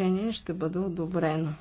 лечение ще бъде одобрено.